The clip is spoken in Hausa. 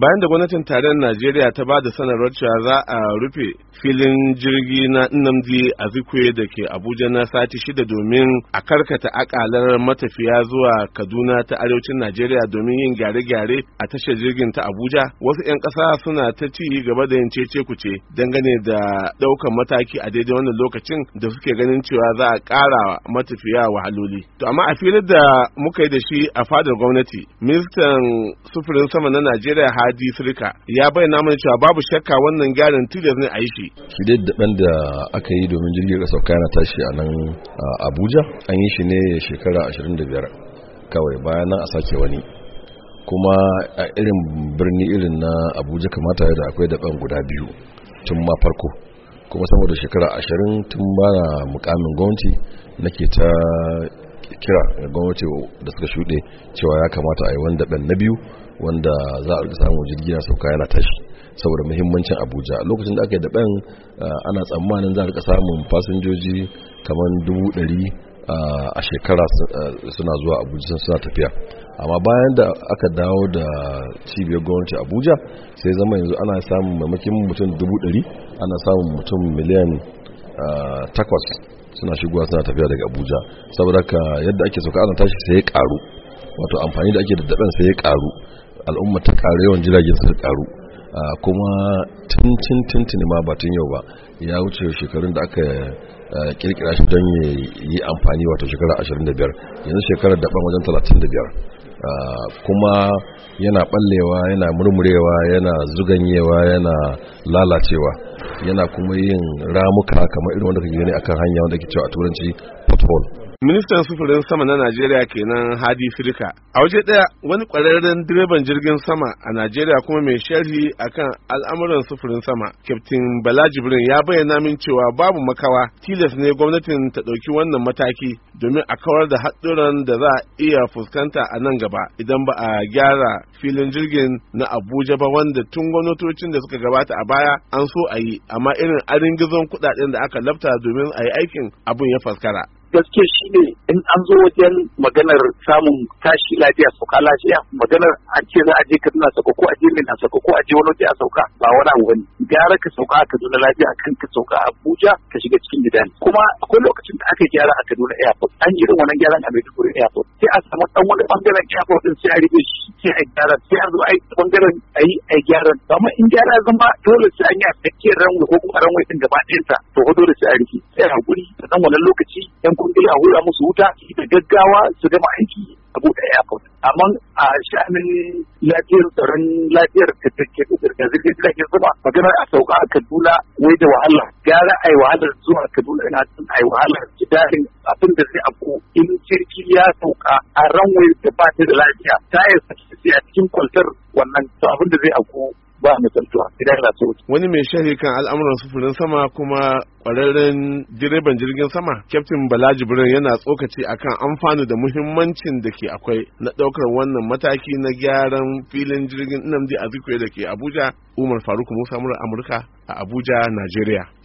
bayan da gwamnatin tarayyar najeriya ta ba da sanarwar cewa za a rufe filin jirgi na nnamdi Zikwe da ke abuja na sati shida domin a karkata akalar matafiya zuwa kaduna ta arewacin najeriya domin yin gyare-gyare a tashar jirgin ta abuja wasu 'yan ƙasa suna ta ci gaba da yin cece kuce dangane da ɗaukar mataki a daidai wannan lokacin da suke ganin cewa za a ƙara matafiya wahaloli to amma a filin da muka yi da shi a fadar gwamnati ministan sufurin sama na najeriya Hadi Sirka ya bayyana mana cewa babu shakka wannan gyaran tilas ne a yi shi. Shi dai da da aka yi domin jirgin ƙasa kana tashi a nan Abuja an yi shi ne shekara 25 kawai bayan nan a sake wani. Kuma a irin birni irin na Abuja kamata da akwai daban guda biyu tun ma farko. kuma saboda shekara ashirin tun bana mukamin gwamnati nake ta kira ga gwamnati da suka shuɗe cewa ya kamata a yi wani daɓen na biyu wanda za a samu jirgi na sauka yana tashi saboda muhimmancin abuja lokacin da aka yi daɓen eh, ana tsammanin za a samun fasinjoji kamar dubu ɗari eh, a shekara eh, suna zuwa abuja suna tafiya amma bayan da aka dawo da cibiyar gwamnati abuja sai zama yanzu ana samun maimakin mutum dubu ɗari ana samun mutum miliyan takwas suna shigowa suna tafiya daga abuja saboda ka yadda ake sauka ana tashi sai ya karu wato amfani da ake da daɗin sai ya karu al'umma ta karu yawan jiragen su ta ƙaru kuma tuntun tuntuni ma ba tun yau ba ya wuce shekarun da aka ƙirƙira shi don yi amfani wato shekara 25 yanzu shekarar da ban wajen 35 kuma yana ɓallewa yana murmurewa yana zuganyewa yana lalacewa yana kuma yin ramuka kamar irin wanda kake gani akan hanya wanda ke cewa a turanci pothole ministan sufurin sama na najeriya kenan hadi firka a waje daya wani kwararren direban jirgin sama a najeriya kuma mai sharhi akan al'amuran sufurin sama kyaftin bala jibrin ya bayyana min cewa babu makawa tilas ne gwamnatin ta ɗauki wannan mataki domin a kawar da haɗuran da za a iya fuskanta a nan gaba idan ba a gyara filin jirgin na abuja ba wanda tun gwamnatocin da suka gabata a baya an so a yi amma irin arin gizon kuɗaɗen da aka lafta domin a yi aikin abun ya faskara gaske shi ne in an zo wajen maganar samun tashi lafiya sauka lafiya maganar a ce za a je kaduna sauka ko a je na sauka ko a je wani waje a sauka ba wani abu bane gyara ka sauka a kaduna lafiya kan ka sauka a abuja ka shiga cikin gidan kuma akwai lokacin da aka gyara a kaduna airport an irin wannan gyaran a maiduguri airport sai a samu dan wani bangaren airport din sai a rike shi sai a gyara sai a zo a yi bangaren a yi a gyara amma in gyara zama dole sai an yi a tsakiyar ranwai ko kuma ranwai din gaba sa to dole sai a rike sai a hakuri a dan wannan lokaci yan kungiyar a hura musu wuta da gaggawa su gama aiki a buɗe airport amma a sha'anin lafiyar tsaron lafiyar tattake da zirgin jiragen sama maganar a sauka a kaduna wai da wahala gara yi wahalar zuwa kaduna ina tun ai wahalar jidalin abin da zai afko in jirgi ya sauka a ranwai da ba ta da lafiya ta yi a cikin kwaltar wannan to abin da zai afko ba misaltuwa idan na so wani mai sharhi kan al'amuran sufurin sama kuma ƙwararren direban jirgin sama kyaftin bala jibrin yana tsokaci akan amfani da muhimmancin da ke akwai na ɗaukar wannan mataki na gyaran filin jirgin nnamdi azikwe da ke abuja umar faruk musa amurka a abuja najeriya